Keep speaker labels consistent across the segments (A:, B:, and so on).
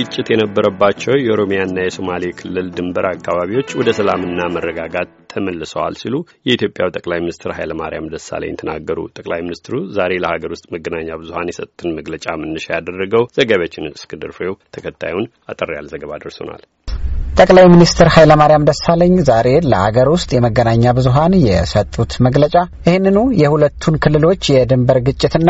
A: ግጭት የነበረባቸው የኦሮሚያና የሶማሌ ክልል ድንበር አካባቢዎች ወደ ሰላምና መረጋጋት ተመልሰዋል ሲሉ የኢትዮጵያው ጠቅላይ ሚኒስትር ኃይለማርያም ደሳለኝ ተናገሩ። ጠቅላይ ሚኒስትሩ ዛሬ ለሀገር ውስጥ መገናኛ ብዙኃን የሰጡትን መግለጫ መነሻ ያደረገው ዘጋቢያችን እስክንድር ፍሬው ተከታዩን አጠር ያለ ዘገባ ደርሶናል።
B: ጠቅላይ ሚኒስትር ኃይለማርያም ደሳለኝ ዛሬ ለአገር ውስጥ የመገናኛ ብዙኃን የሰጡት መግለጫ ይህንኑ የሁለቱን ክልሎች የድንበር ግጭትና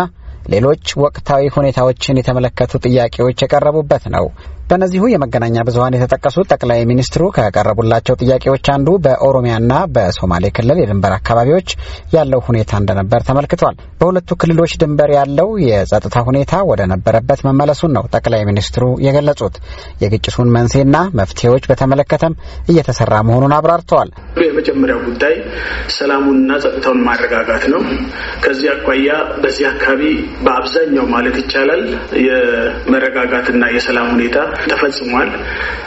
B: ሌሎች ወቅታዊ ሁኔታዎችን የተመለከቱ ጥያቄዎች የቀረቡበት ነው። በእነዚሁ የመገናኛ ብዙኃን የተጠቀሱት ጠቅላይ ሚኒስትሩ ከቀረቡላቸው ጥያቄዎች አንዱ በኦሮሚያና በሶማሌ ክልል የድንበር አካባቢዎች ያለው ሁኔታ እንደነበር ተመልክቷል። በሁለቱ ክልሎች ድንበር ያለው የጸጥታ ሁኔታ ወደ ነበረበት መመለሱን ነው ጠቅላይ ሚኒስትሩ የገለጹት። የግጭቱን መንስኤና መፍትሄዎች በተመለከተም እየተሰራ መሆኑን አብራርተዋል።
C: የመጀመሪያው ጉዳይ ሰላሙንና ጸጥታውን ማረጋጋት ነው። ከዚህ አኳያ በዚህ አካባቢ በአብዛኛው ማለት ይቻላል የመረጋጋትና የሰላም ሁኔታ ተፈጽሟል።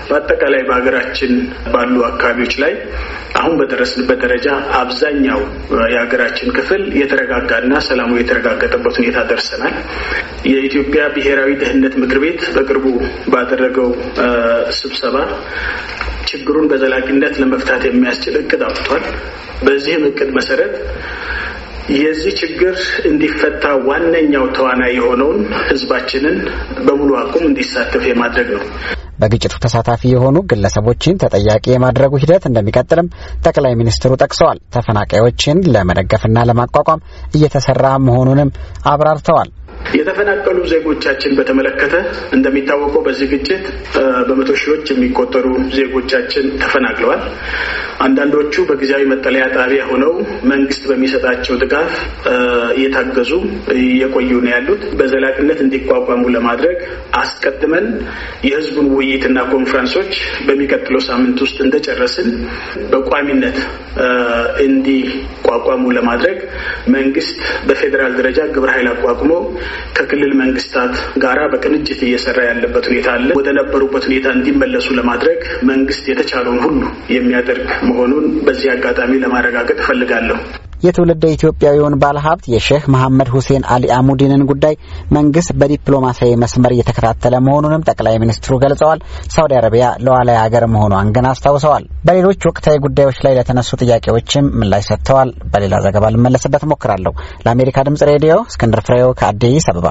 C: በአጠቃላይ በሀገራችን ባሉ አካባቢዎች ላይ አሁን በደረስንበት ደረጃ አብዛኛው የሀገራችን ክፍል የተረጋጋና ሰላሙ የተረጋገጠበት ሁኔታ ደርሰናል። የኢትዮጵያ ብሔራዊ ደህንነት ምክር ቤት በቅርቡ ባደረገው ስብሰባ ችግሩን በዘላቂነት ለመፍታት የሚያስችል እቅድ አውጥቷል። በዚህም እቅድ መሰረት የዚህ ችግር እንዲፈታ ዋነኛው ተዋናይ የሆነውን ህዝባችንን በሙሉ አቁም እንዲሳተፍ የማድረግ
B: ነው። በግጭቱ ተሳታፊ የሆኑ ግለሰቦችን ተጠያቂ የማድረጉ ሂደት እንደሚቀጥልም ጠቅላይ ሚኒስትሩ ጠቅሰዋል። ተፈናቃዮችን ለመደገፍና ለማቋቋም እየተሰራ መሆኑንም አብራርተዋል። የተፈናቀሉ ዜጎቻችን በተመለከተ እንደሚታወቀው በዚህ ግጭት
C: በመቶ ሺዎች የሚቆጠሩ ዜጎቻችን ተፈናቅለዋል። አንዳንዶቹ በጊዜያዊ መጠለያ ጣቢያ ሆነው መንግስት በሚሰጣቸው ድጋፍ እየታገዙ እየቆዩ ነው ያሉት። በዘላቂነት እንዲቋቋሙ ለማድረግ አስቀድመን የህዝቡን ውይይትና ኮንፈረንሶች በሚቀጥለው ሳምንት ውስጥ እንደጨረስን በቋሚነት እንዲ እንዲቋቋሙ ለማድረግ መንግስት በፌዴራል ደረጃ ግብረ ኃይል አቋቁሞ ከክልል መንግስታት ጋራ በቅንጅት እየሰራ ያለበት ሁኔታ አለ። ወደ ነበሩበት ሁኔታ እንዲመለሱ ለማድረግ መንግስት የተቻለውን ሁሉ የሚያደርግ
B: መሆኑን በዚህ አጋጣሚ ለማረጋገጥ እፈልጋለሁ። የትውልደ ኢትዮጵያዊውን ባለሀብት የሼህ መሐመድ ሁሴን አሊ አሙዲንን ጉዳይ መንግስት በዲፕሎማሲያዊ መስመር እየተከታተለ መሆኑንም ጠቅላይ ሚኒስትሩ ገልጸዋል። ሳውዲ አረቢያ ሉዓላዊ ሀገር መሆኗን ግን አስታውሰዋል። በሌሎች ወቅታዊ ጉዳዮች ላይ ለተነሱ ጥያቄዎችም ምላሽ ሰጥተዋል። በሌላ ዘገባ ልመለስበት ሞክራለሁ። ለአሜሪካ ድምጽ ሬዲዮ እስክንድር ፍሬው ከአዲስ አበባ